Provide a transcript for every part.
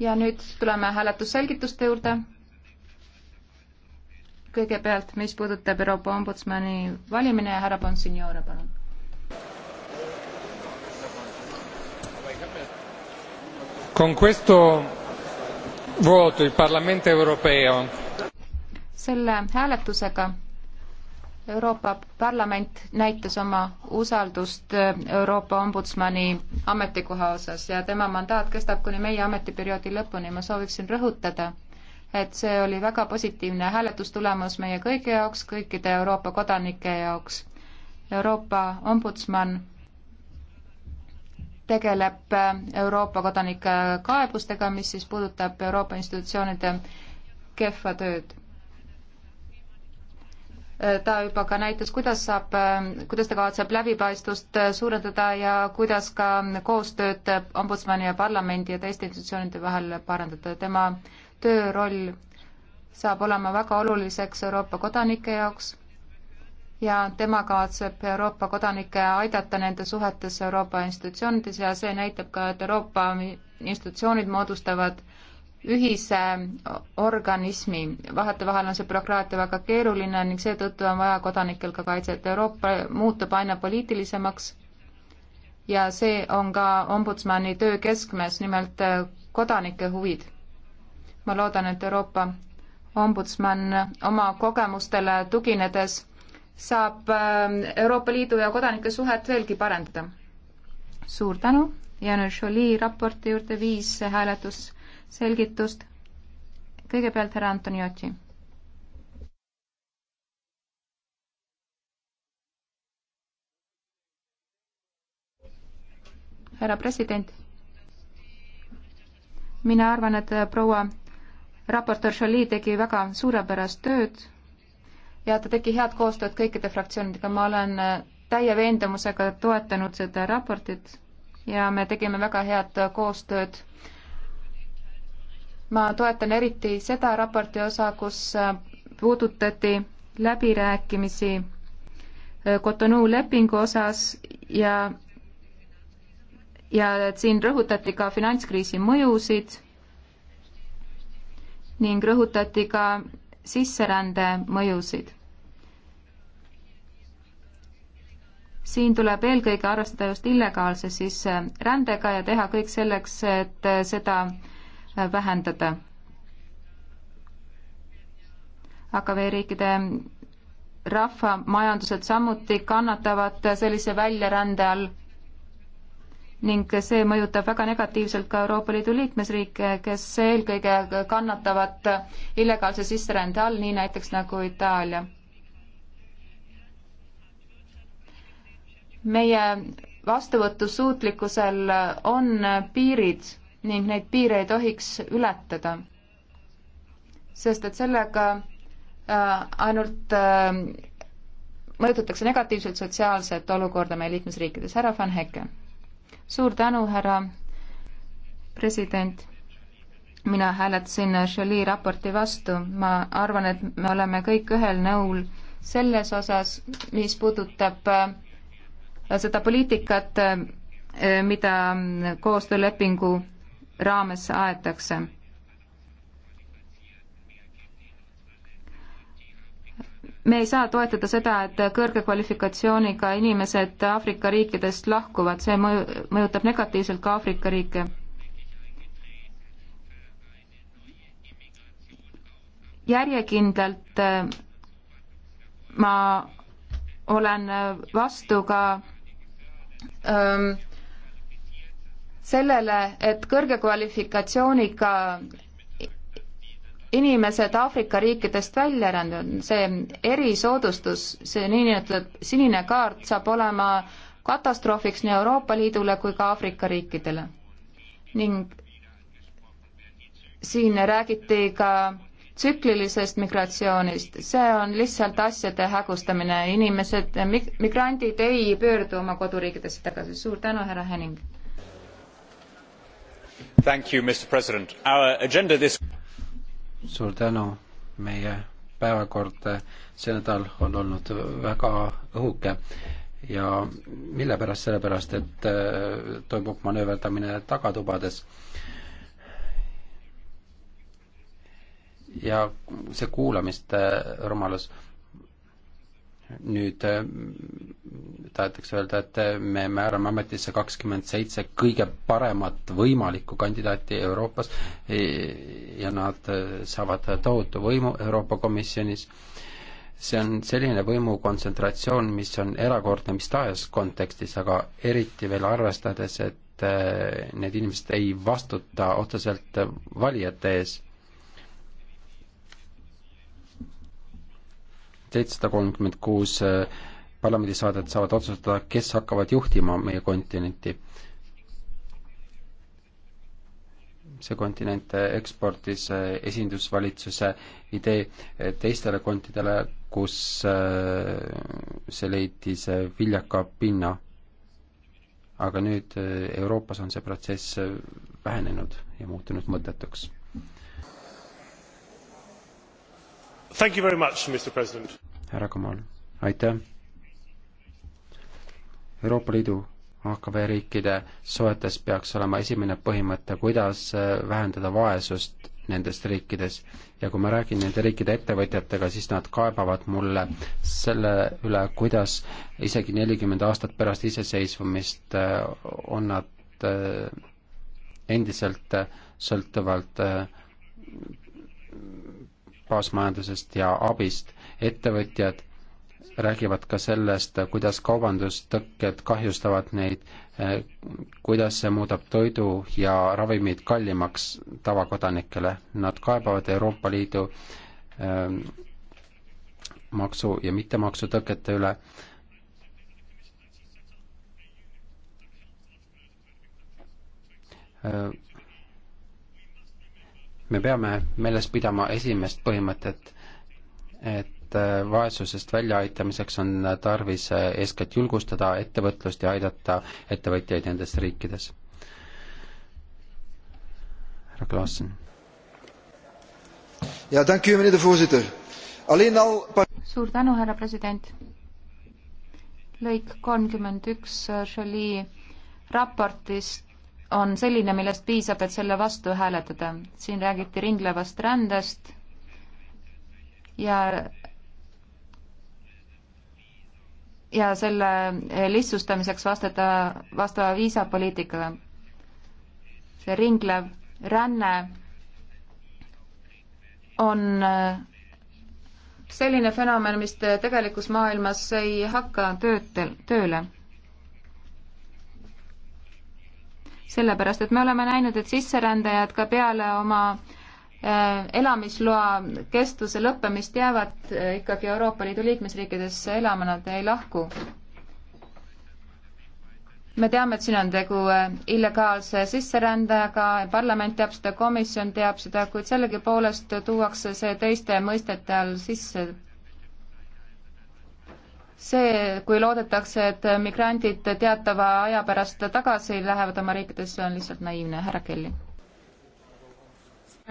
ja nüüd tuleme hääletusselgituste juurde. kõigepealt, mis puudutab Euroopa Ombudsmani valimine, härra Bonsignore, palun. Con questo voto il Parlamento europeo selle hääletusega Euroopa Parlament näitas oma usaldust äh, Euroopa Ombudsmani ametikoha osas ja tema mandaat kestab kuni meie ametiperioodi lõpuni. ma sooviksin rõhutada, et see oli väga positiivne hääletustulemus meie kõigi jaoks, kõikide Euroopa kodanike jaoks. Euroopa Ombudsman tegeleb äh, Euroopa kodanike kaebustega, mis siis puudutab Euroopa institutsioonide kehva tööd ta juba ka näitas, kuidas saab, äh, kuidas ta kavatseb läbipaistvust äh, suurendada ja kuidas ka koostööd äh, ombudsmani ja parlamendi ja teiste institutsioonide vahel parandada. tema tööroll saab olema väga oluliseks Euroopa kodanike jaoks ja tema kavatseb Euroopa kodanikke aidata nende suhetes Euroopa institutsioonides ja see näitab ka, et Euroopa institutsioonid moodustavad äh, ühise organismi, vahetevahel on see bürokraatia väga keeruline ning seetõttu on vaja kodanikel ka kaitset. Euroopa muutub aina poliitilisemaks ja see on ka ombudsmani töö keskmes, nimelt äh, kodanike huvid. ma loodan, et Euroopa ombudsman oma kogemustele tuginedes saab ähm, Euroopa Liidu ja kodanike suhet veelgi parendada. suur tänu, Janusz Oli raporti juurde viis hääletus selgitust. kõigepealt härra Antoniotsi. härra president, mina arvan, et proua raportöör Jolie tegi väga suurepärast tööd ja ta tegi head koostööd kõikide fraktsioonidega, ma olen täie veendumusega toetanud seda raportit ja me tegime väga head koostööd äh, ma toetan eriti seda raporti osa, kus äh, puudutati läbirääkimisi äh, Cotonou lepingu osas ja, ja et siin rõhutati ka finantskriisi mõjusid ning rõhutati ka sisserände mõjusid. siin tuleb eelkõige arvestada just illegaalse sisserändega ja teha kõik selleks, et äh, seda äh, vähendada. AKV riikide rahvamajandused samuti kannatavad sellise väljarände all ning see mõjutab väga negatiivselt ka Euroopa Liidu liikmesriike, kes eelkõige kannatavad illegaalse sisserände all, nii näiteks nagu Itaalia. meie vastuvõtusuutlikkusel on piirid ning neid piire ei tohiks ületada. sest et sellega äh, ainult äh, mõjutatakse negatiivselt sotsiaalset olukorda meie liikmesriikides. härra Van Hekke, suur tänu, härra president. mina hääletasin Jolie raporti vastu, ma arvan, et me oleme kõik ühel nõul selles osas, mis puudutab äh, seda poliitikat, mida koostöölepingu raames aetakse. me ei saa toetada seda, et kõrge kvalifikatsiooniga inimesed Aafrika riikidest lahkuvad, see mõju, mõjutab negatiivselt ka Aafrika riike. järjekindlalt äh, ma olen vastu ka ähm, sellele, et kõrge kvalifikatsiooniga inimesed Aafrika riikidest välja rändanud, see erisoodustus, see niinimetatud sinine kaart saab olema katastroofiks nii Euroopa Liidule kui ka Aafrika riikidele. ning siin räägiti ka tsüklilisest migratsioonist, see on lihtsalt asjade hägustamine, inimesed, migrandid ei pöördu oma koduriikidesse tagasi, suur tänu, härra Henning! This... suur tänu, meie päevakord see nädal on olnud väga õhuke ja mille pärast, sellepärast et äh, toimub manööverdamine tagatubades. ja see kuulamiste rumalus nüüd äh, tahetakse öelda, et me määrame ametisse kakskümmend seitse kõige paremat võimalikku kandidaati Euroopas e, ja nad saavad tohutu võimu Euroopa Komisjonis. see on selline võimukontsentratsioon, mis on erakordne mis tahes kontekstis, aga eriti veel arvestades, et e, need inimesed ei vastuta otseselt valijate ees seitsesada kolmkümmend kuus e, parlamendisaadet saavad otsustada, kes hakkavad juhtima meie kontinenti. see kontinent eksportis eh, esindusvalitsuse idee eh, teistele kontidele, kus eh, see leidis viljaka pinna. aga nüüd Euroopas on see protsess vähenenud ja muutunud mõttetuks. härra Kamal, aitäh! Euroopa Liidu AKV riikide soetes peaks olema esimene põhimõte, kuidas äh, vähendada vaesust nendes riikides. ja kui ma räägin nende riikide ettevõtjatega, siis nad kaebavad mulle selle üle, kuidas isegi nelikümmend aastat pärast iseseisvumist äh, on nad äh, endiselt sõltuvalt baasmajandusest ja abist. ettevõtjad räägivad ka sellest, kuidas kaubandustõkked kahjustavad neid, kuidas see muudab toidu ja ravimid kallimaks tavakodanikele. Nad kaebavad Euroopa Liidu ähm, maksu- ja mittemaksutõkete üle. Äh, me peame meeles pidama esimest põhimõtet, et inimeste äh, vaesusest väljaaitamiseks on tarvis äh, eeskätt julgustada ettevõtlust ja aidata ettevõtjaid nendes riikides. härra Klaassen. suur tänu, härra president. lõik kolmkümmend üks äh, Jolie raportist on selline, millest piisab, et selle vastu hääletada. siin räägiti ringlevast rändest ja ja selle lihtsustamiseks vastata vastava viisapoliitikaga. see ringlev ränne on selline fenomen, mis tegelikus maailmas ei hakka töötel, tööle. sellepärast, et me oleme näinud, et sisserändajad ka peale oma äh, Äh, elamisloa kestuse lõppemist jäävad äh, ikkagi Euroopa Liidu liikmesriikidesse elama, nad ei lahku. me teame, et siin on tegu äh, illegaalse sisserändajaga, parlament teab seda, komisjon teab seda, kuid sellegipoolest tuuakse see teiste mõistete all sisse. see, kui loodetakse, et migrandid teatava aja pärast tagasi lähevad oma riikidesse, on lihtsalt naiivne. härra Kelly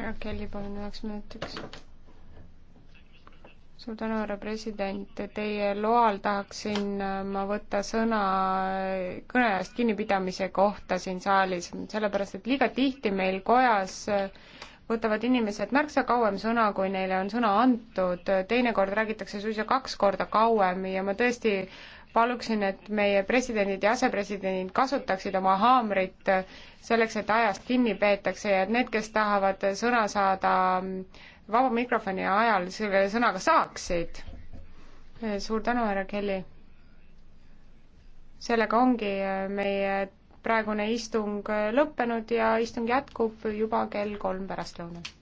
härra Kelly, palun üheks minutiks. suur tänu, härra president, teie loal tahaksin äh, ma võtta sõna äh, kõneajast kinnipidamise kohta siin saalis, sellepärast et liiga tihti meil kojas äh, võtavad inimesed märksa kauem sõna, kui neile on sõna antud, teinekord räägitakse suisa kaks korda kauem ja ma tõesti paluksin, et meie presidendid ja asepresidendid kasutaksid oma haamrit selleks, et ajast kinni peetakse ja et need, kes tahavad sõna saada mm, vaba mikrofoni ajal, selle sõnaga saaksid. suur tänu, härra Kelly. sellega ongi äh, meie praegune istung äh, lõppenud ja istung jätkub juba kell kolm pärastlõunal